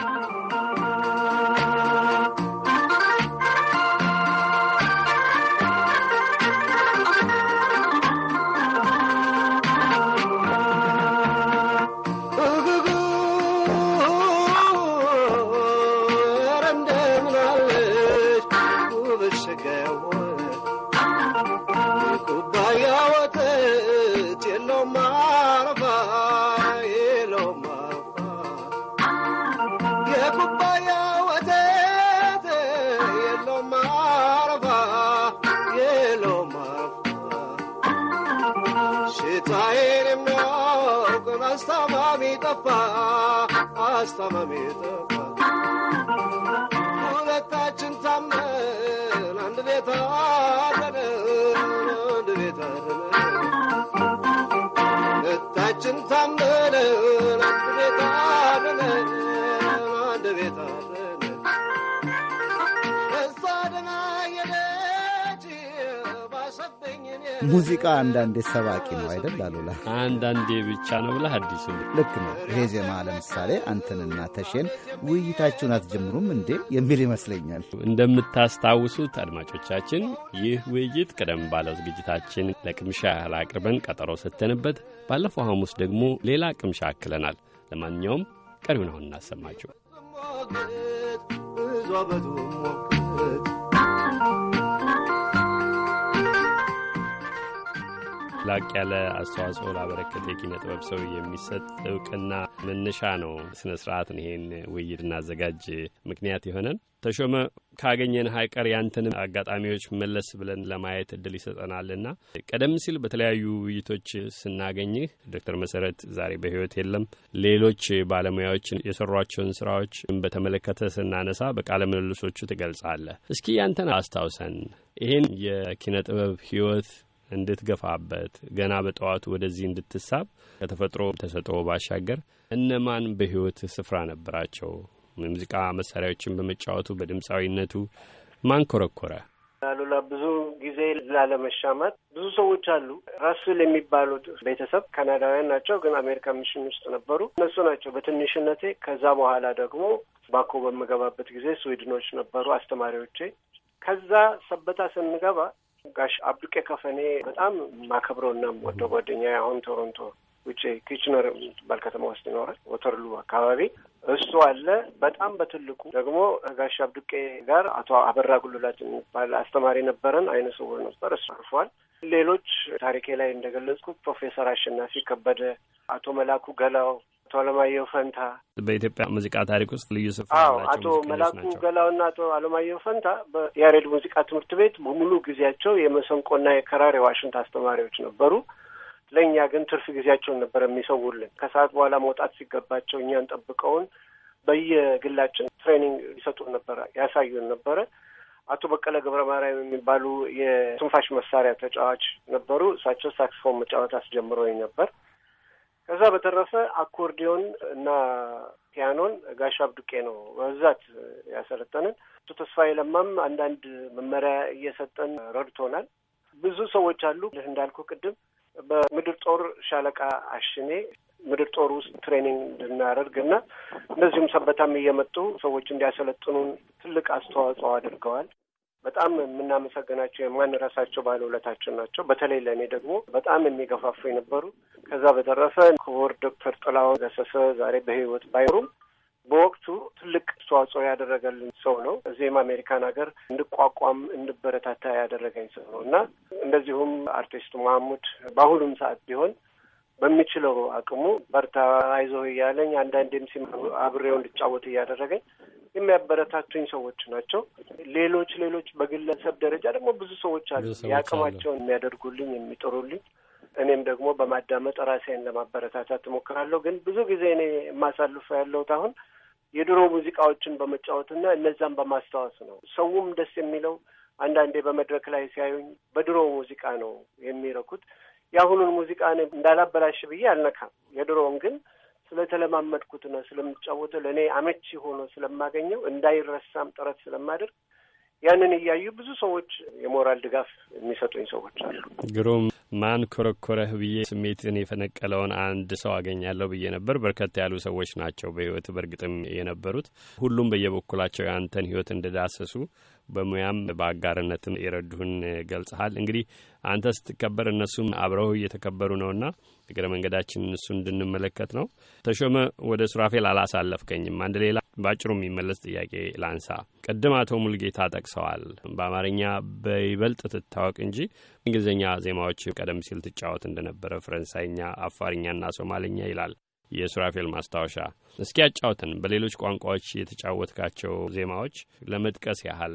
አመሰግናለሁ። ፀሐይን የሚያውቅ አስታማሚ ጠፋ፣ አስታማሚ ጠፋ። ሁለታችን ታምነን አንድ ቤት አንድ ቤት ሁለታችን አንድ ቤት አንድ ቤት ሙዚቃ አንዳንዴ ሰባቂ ነው አይደል? አሉላ አንዳንዴ ብቻ ነው ብለህ አዲሱ ልክ ነው። ይሄ ዜማ ለምሳሌ አንተንና ተሼን ውይይታችሁን አትጀምሩም እንዴ የሚል ይመስለኛል። እንደምታስታውሱት አድማጮቻችን፣ ይህ ውይይት ቀደም ባለው ዝግጅታችን ለቅምሻ ያህል አቅርበን ቀጠሮ ሰተንበት፣ ባለፈው ሐሙስ ደግሞ ሌላ ቅምሻ አክለናል። ለማንኛውም ቀሪውን አሁን እናሰማችሁ። ላቅ ያለ አስተዋጽኦ ላበረከተ የኪነ ጥበብ ሰው የሚሰጥ እውቅና መነሻ ነው ስነ ስርዓትን ይሄን ውይይት እናዘጋጅ ምክንያት የሆነን ተሾመ ካገኘን ሀይቀር ያንተንም አጋጣሚዎች መለስ ብለን ለማየት እድል ይሰጠናልና ቀደም ሲል በተለያዩ ውይይቶች ስናገኝህ ዶክተር መሰረት ዛሬ በህይወት የለም፣ ሌሎች ባለሙያዎች የሰሯቸውን ስራዎች በተመለከተ ስናነሳ በቃለ ምልልሶቹ ትገልጻለህ። እስኪ ያንተን አስታውሰን ይህን የኪነ ጥበብ ህይወት እንድትገፋበት ገና በጠዋቱ ወደዚህ እንድትሳብ ከተፈጥሮ ተሰጥኦ ባሻገር እነማን በሕይወት ስፍራ ነበራቸው? የሙዚቃ መሳሪያዎችን በመጫወቱ በድምፃዊነቱ ማን ኮረኮረ? አሉላ ብዙ ጊዜ ላለመሻማት ብዙ ሰዎች አሉ። ራስል የሚባሉት ቤተሰብ ካናዳውያን ናቸው፣ ግን አሜሪካ ሚሽን ውስጥ ነበሩ። እነሱ ናቸው በትንሽነቴ። ከዛ በኋላ ደግሞ ባኮ በምገባበት ጊዜ ስዊድኖች ነበሩ አስተማሪዎቼ። ከዛ ሰበታ ስንገባ ጋሽ አብዱቄ ከፈኔ በጣም ማከብረው እና ወደ ጓደኛ አሁን ቶሮንቶ ውጭ ኪችነር ባል ከተማ ውስጥ ይኖራል። ወተርሉ አካባቢ እሱ አለ። በጣም በትልቁ ደግሞ ጋሽ አብዱቄ ጋር አቶ አበራ ጉልላት የሚባል አስተማሪ ነበረን። አይነ ስውር ነበር። እሱ አርፏል። ሌሎች ታሪኬ ላይ እንደገለጽኩ ፕሮፌሰር አሸናፊ ከበደ፣ አቶ መላኩ ገላው አቶ አለማየሁ ፈንታ በኢትዮጵያ ሙዚቃ ታሪክ ውስጥ ልዩ ስፍራ አዎ፣ አቶ መላኩ ገላውና አቶ አለማየሁ ፈንታ በያሬድ ሙዚቃ ትምህርት ቤት በሙሉ ጊዜያቸው የመሰንቆና የከራር የዋሽንት አስተማሪዎች ነበሩ። ለእኛ ግን ትርፍ ጊዜያቸውን ነበር የሚሰውልን። ከሰዓት በኋላ መውጣት ሲገባቸው እኛን ጠብቀውን በየግላችን ትሬኒንግ ይሰጡን ነበረ፣ ያሳዩን ነበረ። አቶ በቀለ ገብረ ማርያም የሚባሉ የትንፋሽ መሳሪያ ተጫዋች ነበሩ። እሳቸው ሳክስፎን መጫወት አስጀምረውኝ ነበር። ከዛ በተረፈ አኮርዲዮን እና ፒያኖን ጋሽ አብዱቄ ነው በብዛት ያሰለጠንን። እሱ ተስፋዬ ለማም አንዳንድ መመሪያ እየሰጠን ረድቶናል። ብዙ ሰዎች አሉ እንዳልኩ ቅድም በምድር ጦር ሻለቃ አሽኔ ምድር ጦር ውስጥ ትሬኒንግ እንድናደርግ እና እንደዚሁም ሰበታም እየመጡ ሰዎች እንዲያሰለጥኑን ትልቅ አስተዋጽኦ አድርገዋል። በጣም የምናመሰግናቸው የማንረሳቸው ባለውለታችን ናቸው። በተለይ ለእኔ ደግሞ በጣም የሚገፋፉ የነበሩ ከዛ በተረፈ ክቡር ዶክተር ጥላሁን ገሰሰ ዛሬ በህይወት ባይኖሩም በወቅቱ ትልቅ አስተዋጽኦ ያደረገልን ሰው ነው። እዚህም አሜሪካን ሀገር እንድቋቋም እንድበረታታ ያደረገኝ ሰው ነው እና እንደዚሁም አርቲስቱ መሐሙድ በአሁኑም ሰዓት ቢሆን በሚችለው አቅሙ በርታ፣ አይዞህ እያለኝ አንዳንዴም ሲ አብሬው እንድጫወት እያደረገኝ የሚያበረታቱኝ ሰዎች ናቸው። ሌሎች ሌሎች በግለሰብ ደረጃ ደግሞ ብዙ ሰዎች አሉ የአቅማቸውን የሚያደርጉልኝ የሚጥሩልኝ እኔም ደግሞ በማዳመጥ ራሴን ለማበረታታት እሞክራለሁ። ግን ብዙ ጊዜ እኔ የማሳልፈ ያለሁት አሁን የድሮ ሙዚቃዎችን በመጫወትና እነዛን በማስታወስ ነው። ሰውም ደስ የሚለው አንዳንዴ በመድረክ ላይ ሲያዩኝ በድሮ ሙዚቃ ነው የሚረኩት። የአሁኑን ሙዚቃ እንዳላበላሽ ብዬ አልነካም። የድሮውን ግን ስለተለማመድኩትና ስለምጫወተው ለእኔ አመቺ ሆኖ ስለማገኘው እንዳይረሳም ጥረት ስለማደርግ ያንን እያዩ ብዙ ሰዎች የሞራል ድጋፍ የሚሰጡኝ ሰዎች አሉ። ግሩም ማን ኮረኮረህ ብዬ ስሜትን የፈነቀለውን አንድ ሰው አገኛለሁ ብዬ ነበር። በርከት ያሉ ሰዎች ናቸው በህይወት በእርግጥም የነበሩት። ሁሉም በየበኩላቸው የአንተን ህይወት እንደዳሰሱ በሙያም በአጋርነትም የረዱህን ገልጸሃል። እንግዲህ አንተ ስትከበር እነሱም አብረው እየተከበሩ ነውና እግረ መንገዳችን እሱ እንድንመለከት ነው። ተሾመ፣ ወደ ሱራፌል አላሳለፍከኝም። አንድ ሌላ በአጭሩ የሚመለስ ጥያቄ ላንሳ። ቅድም አቶ ሙልጌታ ጠቅሰዋል፣ በአማርኛ በይበልጥ ትታወቅ እንጂ እንግሊዝኛ ዜማዎች ቀደም ሲል ትጫወት እንደነበረ ፈረንሳይኛ፣ አፋርኛና ሶማሌኛ ይላል የሱራፌል ማስታወሻ። እስኪ ያጫውትን በሌሎች ቋንቋዎች የተጫወትካቸው ዜማዎች ለመጥቀስ ያህል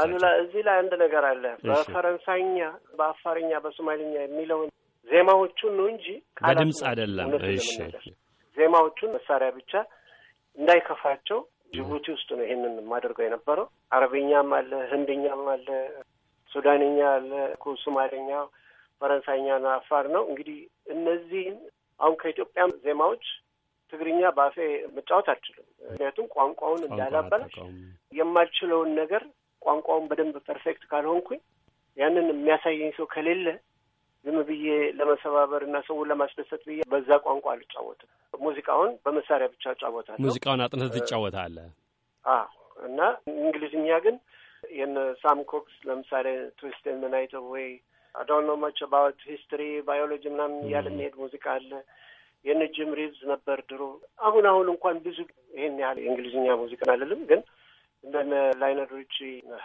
አሉላ። እዚህ ላይ አንድ ነገር አለ። በፈረንሳይኛ፣ በአፋርኛ፣ በሶማሌኛ የሚለውን ዜማዎቹን ነው እንጂ በድምፅ አይደለም። እሺ ዜማዎቹን መሳሪያ ብቻ እንዳይከፋቸው ጅቡቲ ውስጥ ነው ይሄንን የማደርገው የነበረው። አረብኛም አለ፣ ህንድኛም አለ፣ ሱዳንኛ አለ፣ ሱማሌኛ ፈረንሳይኛ እና አፋር ነው። እንግዲህ እነዚህን አሁን ከኢትዮጵያ ዜማዎች ትግርኛ በአፌ መጫወት አልችልም። ምክንያቱም ቋንቋውን እንዳላበላሽ የማልችለውን ነገር ቋንቋውን በደንብ ፐርፌክት ካልሆንኩኝ ያንን የሚያሳየኝ ሰው ከሌለ ዝም ብዬ ለመሰባበር እና ሰውን ለማስደሰት ብዬ በዛ ቋንቋ አልጫወትም። ሙዚቃውን በመሳሪያ ብቻ እጫወታለሁ። ሙዚቃውን አጥነት ትጫወታለ? እና እንግሊዝኛ ግን የነ ሳም ኮክስ ለምሳሌ ትዊስትን ምናይተ ወይ አዶኖ ማች አባውት ሂስትሪ ባዮሎጂ ምናምን እያለ የሚሄድ ሙዚቃ አለ። የነ ጅም ሪቭዝ ነበር ድሮ። አሁን አሁን እንኳን ብዙ ይህን ያህል የእንግሊዝኛ ሙዚቃ አልልም፣ ግን እንደነ ላይነር ሪቺ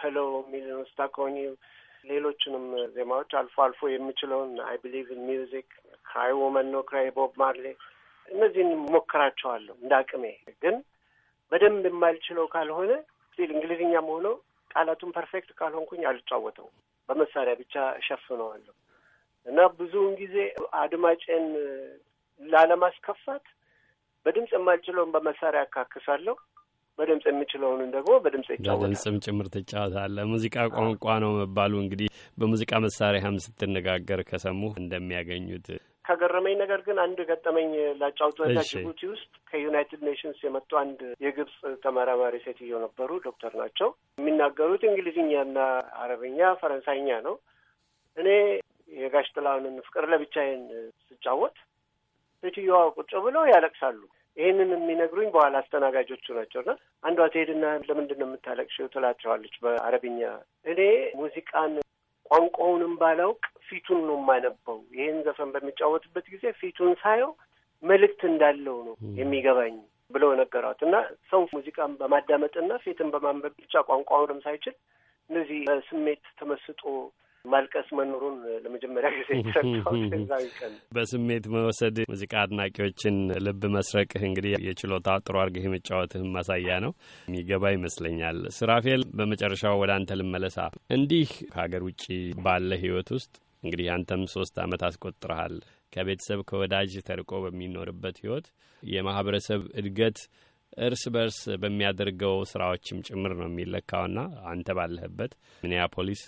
ሄሎ ሚሊዮን ስታኮኒ ሌሎችንም ዜማዎች አልፎ አልፎ የምችለውን አይ ቢሊቭ ኢን ሚውዚክ፣ ክራይ ወመን ነው ክራይ ቦብ ማርሌ እነዚህን ሞክራቸዋለሁ እንደ አቅሜ። ግን በደንብ የማልችለው ካልሆነ ስል እንግሊዝኛም ሆኖ ቃላቱን ፐርፌክት ካልሆንኩኝ አልጫወተውም። በመሳሪያ ብቻ እሸፍነዋለሁ እና ብዙውን ጊዜ አድማጭን ላለማስከፋት በድምፅ የማልችለውን በመሳሪያ አካክሳለሁ። በድምፅ የምችለውን ደግሞ በድምፅ ይጫወታል። በድምፅም ጭምር ትጫወታለ። ሙዚቃ ቋንቋ ነው መባሉ እንግዲህ በሙዚቃ መሳሪያም ስትነጋገር ከሰሙ እንደሚያገኙት ከገረመኝ ነገር ግን አንድ ገጠመኝ ላጫውቶ ጅቡቲ ውስጥ ከዩናይትድ ኔሽንስ የመጡ አንድ የግብጽ ተመራማሪ ሴትዮ ነበሩ። ዶክተር ናቸው። የሚናገሩት እንግሊዝኛና አረብኛ፣ ፈረንሳይኛ ነው። እኔ የጋሽ ጥላሁንን ፍቅር ለብቻዬን ስጫወት ሴትዮዋ ቁጭ ብለው ያለቅሳሉ። ይህንን የሚነግሩኝ በኋላ አስተናጋጆቹ ናቸውና አንዷ ትሄድና ለምንድን ነው የምታለቅሽው? ትላቸዋለች በአረብኛ። እኔ ሙዚቃን ቋንቋውንም ባላውቅ ፊቱን ነው የማነበው። ይህን ዘፈን በሚጫወትበት ጊዜ ፊቱን ሳየው መልእክት እንዳለው ነው የሚገባኝ ብለው ነገሯት እና ሰው ሙዚቃን በማዳመጥና ፊትን በማንበብ ብቻ ቋንቋውንም ሳይችል እነዚህ በስሜት ተመስጦ ማልቀስ መኖሩን ለመጀመሪያ ጊዜ ሰጥተዋል። በስሜት መውሰድ ሙዚቃ አድናቂዎችን ልብ መስረቅህ እንግዲህ የችሎታ ጥሩ አድርገህ የመጫወትህን ማሳያ ነው የሚገባ ይመስለኛል። ስራፌል፣ በመጨረሻው ወደ አንተ ልመለሳ። እንዲህ ከሀገር ውጭ ባለ ህይወት ውስጥ እንግዲህ አንተም ሶስት ዓመት አስቆጥረሃል። ከቤተሰብ ከወዳጅ ተርቆ በሚኖርበት ህይወት የማህበረሰብ እድገት እርስ በርስ በሚያደርገው ስራዎችም ጭምር ነው የሚለካውና አንተ ባለህበት ሚኒያፖሊስ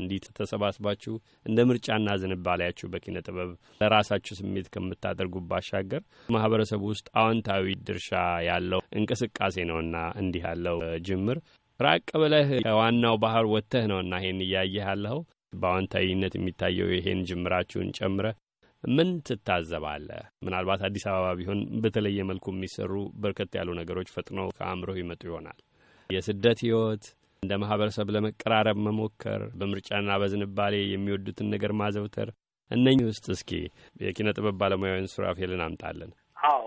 እንዲህ ተሰባስባችሁ እንደ ምርጫና ዝንባሌያችሁ በኪነ ጥበብ ለራሳችሁ ስሜት ከምታደርጉ ባሻገር ማህበረሰብ ውስጥ አዎንታዊ ድርሻ ያለው እንቅስቃሴ ነውና እንዲህ ያለው ጅምር ራቅ ብለህ ከዋናው ባህር ወጥተህ ነውና ይሄን እያየህ ያለኸው በአዎንታዊነት የሚታየው ይሄን ጅምራችሁን ጨምረ ምን ትታዘባለ ምናልባት አዲስ አበባ ቢሆን በተለየ መልኩ የሚሰሩ በርከት ያሉ ነገሮች ፈጥነው ከአእምሮ ይመጡ ይሆናል። የስደት ህይወት፣ እንደ ማህበረሰብ ለመቀራረብ መሞከር፣ በምርጫና በዝንባሌ የሚወዱትን ነገር ማዘውተር እነኚህ ውስጥ እስኪ የኪነ ጥበብ ባለሙያውን ሱራፌልን አምጣለን። አዎ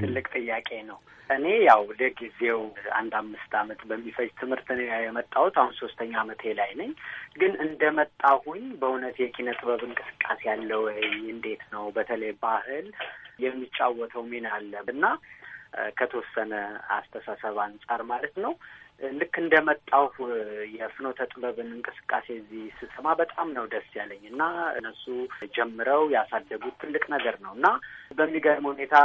ትልቅ ጥያቄ ነው። እኔ ያው ለጊዜው አንድ አምስት አመት በሚፈጅ ትምህርት ነው የመጣሁት። አሁን ሶስተኛ አመቴ ላይ ነኝ። ግን መጣሁኝ በእውነት የኪነ ጥበብ እንቅስቃሴ ያለ ወይ? እንዴት ነው? በተለይ ባህል የሚጫወተው ሚና አለ እና ከተወሰነ አስተሳሰብ አንጻር ማለት ነው ልክ እንደመጣሁ የፍኖተ ጥበብን እንቅስቃሴ እዚህ ስሰማ በጣም ነው ደስ ያለኝ እና እነሱ ጀምረው ያሳደጉት ትልቅ ነገር ነው እና በሚገርም ሁኔታ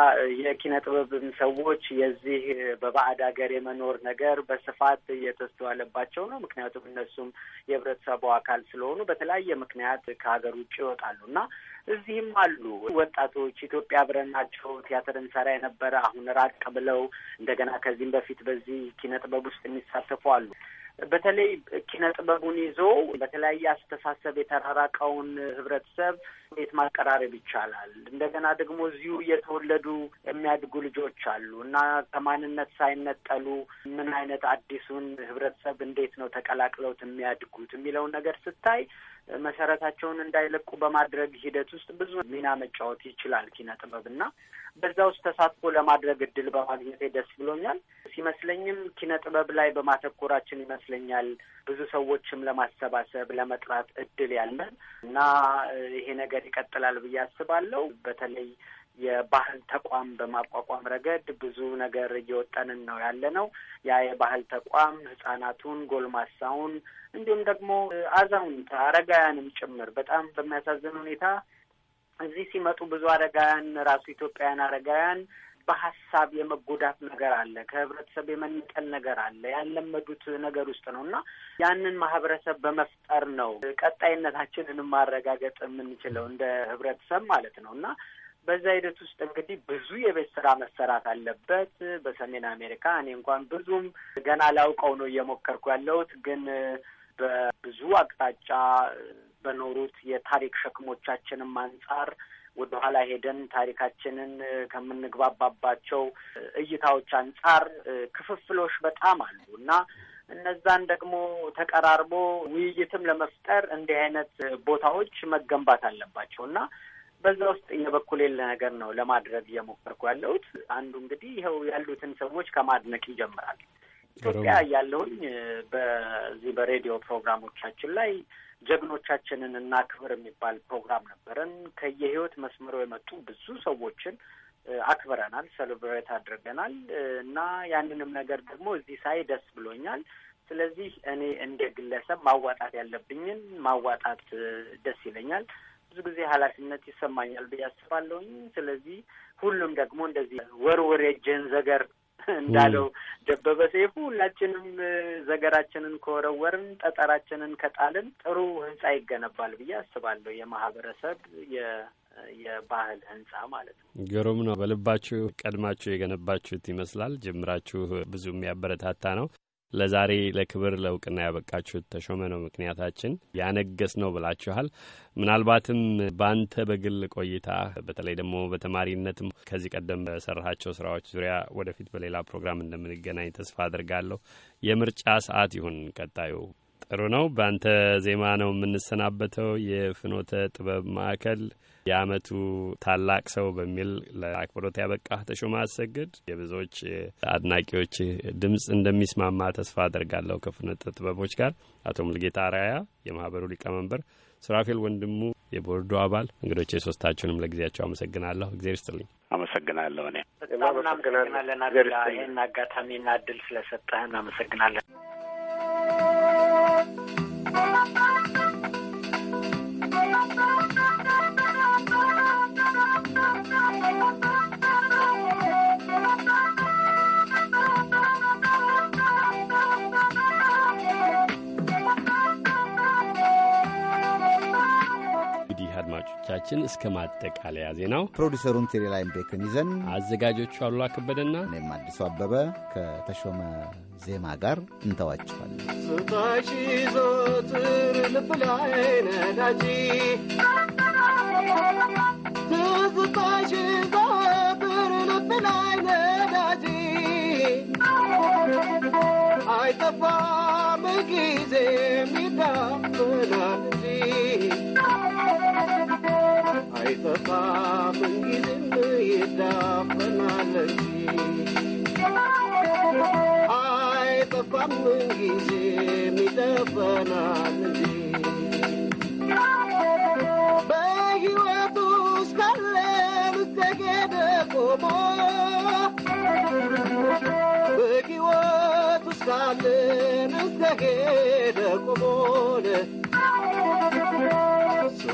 የኪነ ጥበብን ሰዎች የዚህ በባዕድ ሀገር የመኖር ነገር በስፋት እየተስተዋለባቸው ነው። ምክንያቱም እነሱም የህብረተሰቡ አካል ስለሆኑ በተለያየ ምክንያት ከሀገር ውጭ ይወጣሉ እና እዚህም አሉ ወጣቶች ኢትዮጵያ አብረናቸው ናቸው ቲያትር እንሰራ የነበረ አሁን ራቅ ብለው እንደገና ከዚህም በፊት በዚህ ኪነ ጥበብ ውስጥ የሚሳተፉ አሉ። በተለይ ኪነ ጥበቡን ይዞ በተለያየ አስተሳሰብ የተራራቀውን ህብረተሰብ እንዴት ማቀራረብ ይቻላል። እንደገና ደግሞ እዚሁ እየተወለዱ የሚያድጉ ልጆች አሉ እና ከማንነት ሳይነጠሉ ምን አይነት አዲሱን ህብረተሰብ እንዴት ነው ተቀላቅለውት የሚያድጉት የሚለውን ነገር ስታይ መሰረታቸውን እንዳይለቁ በማድረግ ሂደት ውስጥ ብዙ ሚና መጫወት ይችላል ኪነ ጥበብ እና በዛ ውስጥ ተሳትፎ ለማድረግ እድል በማግኘቴ ደስ ብሎኛል። ሲመስለኝም ኪነ ጥበብ ላይ በማተኮራችን ይመስለኛል ብዙ ሰዎችም ለማሰባሰብ ለመጥራት እድል ያለን እና ይሄ ነገር ይቀጥላል ብዬ አስባለሁ። በተለይ የባህል ተቋም በማቋቋም ረገድ ብዙ ነገር እየወጠንን ነው ያለ ነው። ያ የባህል ተቋም ህጻናቱን፣ ጎልማሳውን እንዲሁም ደግሞ አዛውንት አረጋውያንም ጭምር በጣም በሚያሳዝን ሁኔታ እዚህ ሲመጡ ብዙ አረጋውያን ራሱ ኢትዮጵያውያን አረጋውያን በሀሳብ የመጎዳት ነገር አለ። ከህብረተሰብ የመነጠል ነገር አለ። ያለመዱት ነገር ውስጥ ነው እና ያንን ማህበረሰብ በመፍጠር ነው ቀጣይነታችንን ማረጋገጥ የምንችለው እንደ ህብረተሰብ ማለት ነው እና በዛ ሂደት ውስጥ እንግዲህ ብዙ የቤት ስራ መሰራት አለበት። በሰሜን አሜሪካ እኔ እንኳን ብዙም ገና ላውቀው ነው እየሞከርኩ ያለሁት ግን በብዙ አቅጣጫ በኖሩት የታሪክ ሸክሞቻችንም አንጻር ወደኋላ ሄደን ታሪካችንን ከምንግባባባቸው እይታዎች አንጻር ክፍፍሎች በጣም አሉ እና እነዛን ደግሞ ተቀራርቦ ውይይትም ለመፍጠር እንዲህ አይነት ቦታዎች መገንባት አለባቸው እና በዛ ውስጥ የበኩሌን ነገር ነው ለማድረግ እየሞከርኩ ያለሁት። አንዱ እንግዲህ ይኸው ያሉትን ሰዎች ከማድነቅ ይጀምራል። ኢትዮጵያ ያለሁኝ በዚህ በሬዲዮ ፕሮግራሞቻችን ላይ ጀግኖቻችንን እና ክብር የሚባል ፕሮግራም ነበረን። ከየህይወት መስመሮ የመጡ ብዙ ሰዎችን አክብረናል፣ ሴሌብሬት አድርገናል እና ያንንም ነገር ደግሞ እዚህ ሳይ ደስ ብሎኛል። ስለዚህ እኔ እንደ ግለሰብ ማዋጣት ያለብኝን ማዋጣት ደስ ይለኛል። ብዙ ጊዜ ኃላፊነት ይሰማኛል ብዬ አስባለሁኝ። ስለዚህ ሁሉም ደግሞ እንደዚህ ወርውር ጀን ዘገር እንዳለው ደበበ ሰይፉ ሁላችንም ዘገራችንን ከወረወርን ጠጠራችንን ከጣልን ጥሩ ህንጻ ይገነባል ብዬ አስባለሁ። የማህበረሰብ የባህል ህንጻ ማለት ነው። ግሩም ነው። በልባችሁ ቀድማችሁ የገነባችሁት ይመስላል። ጀምራችሁ ብዙ የሚያበረታታ ነው። ለዛሬ ለክብር ለእውቅና ያበቃችሁ ተሾመ ነው ምክንያታችን። ያነገስ ነው ብላችኋል። ምናልባትም በአንተ በግል ቆይታ በተለይ ደግሞ በተማሪነትም ከዚህ ቀደም በሰራሃቸው ስራዎች ዙሪያ ወደፊት በሌላ ፕሮግራም እንደምንገናኝ ተስፋ አድርጋለሁ። የምርጫ ሰዓት ይሁን ቀጣዩ። ጥሩ ነው። በአንተ ዜማ ነው የምንሰናበተው። የፍኖተ ጥበብ ማዕከል የአመቱ ታላቅ ሰው በሚል ለአክብሮት ያበቃ ተሾመ አሰግድ የብዙዎች አድናቂዎች ድምፅ እንደሚስማማ ተስፋ አደርጋለሁ። ከፍኖተ ጥበቦች ጋር አቶ ሙልጌታ አራያ የማህበሩ ሊቀመንበር፣ ሱራፌል ወንድሙ የቦርዱ አባል እንግዶች፣ የሶስታችሁንም ለጊዜያቸው አመሰግናለሁ። እግዜር ስጥልኝ። አመሰግናለሁ። እኔ በጣም እናመሰግናለን። ይህን አጋጣሚና እድል ስለሰጠህን አመሰግናለን። አድማጮቻችን እስከ ማጠቃለያ ዜናው ፕሮዲሰሩን ቴሌላይን ቤክን ይዘን አዘጋጆቹ አሉ ከበደና እኔም አዲሱ አበበ ከተሾመ ዜማ ጋር እንተዋችኋል። ስታሽ ዞትር ልብ ላይ ዞትር ልብ ላይ ነዳጅ አይጠፋም ጊዜ አይጠፋም እንጊዜም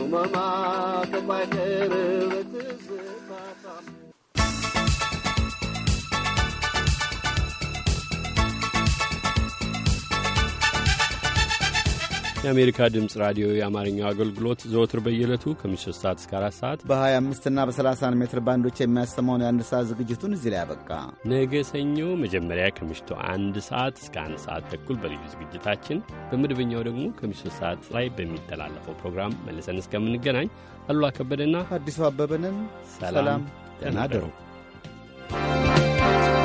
Mama, come back here. የአሜሪካ ድምፅ ራዲዮ የአማርኛው አገልግሎት ዘወትር በየዕለቱ ከምሽቱ ሰዓት እስከ 4 ሰዓት በ25 እና በ 30 ሜትር ባንዶች የሚያሰማውን የአንድ ሰዓት ዝግጅቱን እዚህ ላይ ያበቃ። ነገ ሰኞ መጀመሪያ ከምሽቱ አንድ ሰዓት እስከ አንድ ሰዓት ተኩል በልዩ ዝግጅታችን፣ በመደበኛው ደግሞ ከምሽቱ ሰዓት ላይ በሚተላለፈው ፕሮግራም መልሰን እስከምንገናኝ አሉላ ከበደና አዲሱ አበበንን ሰላም ደህና you.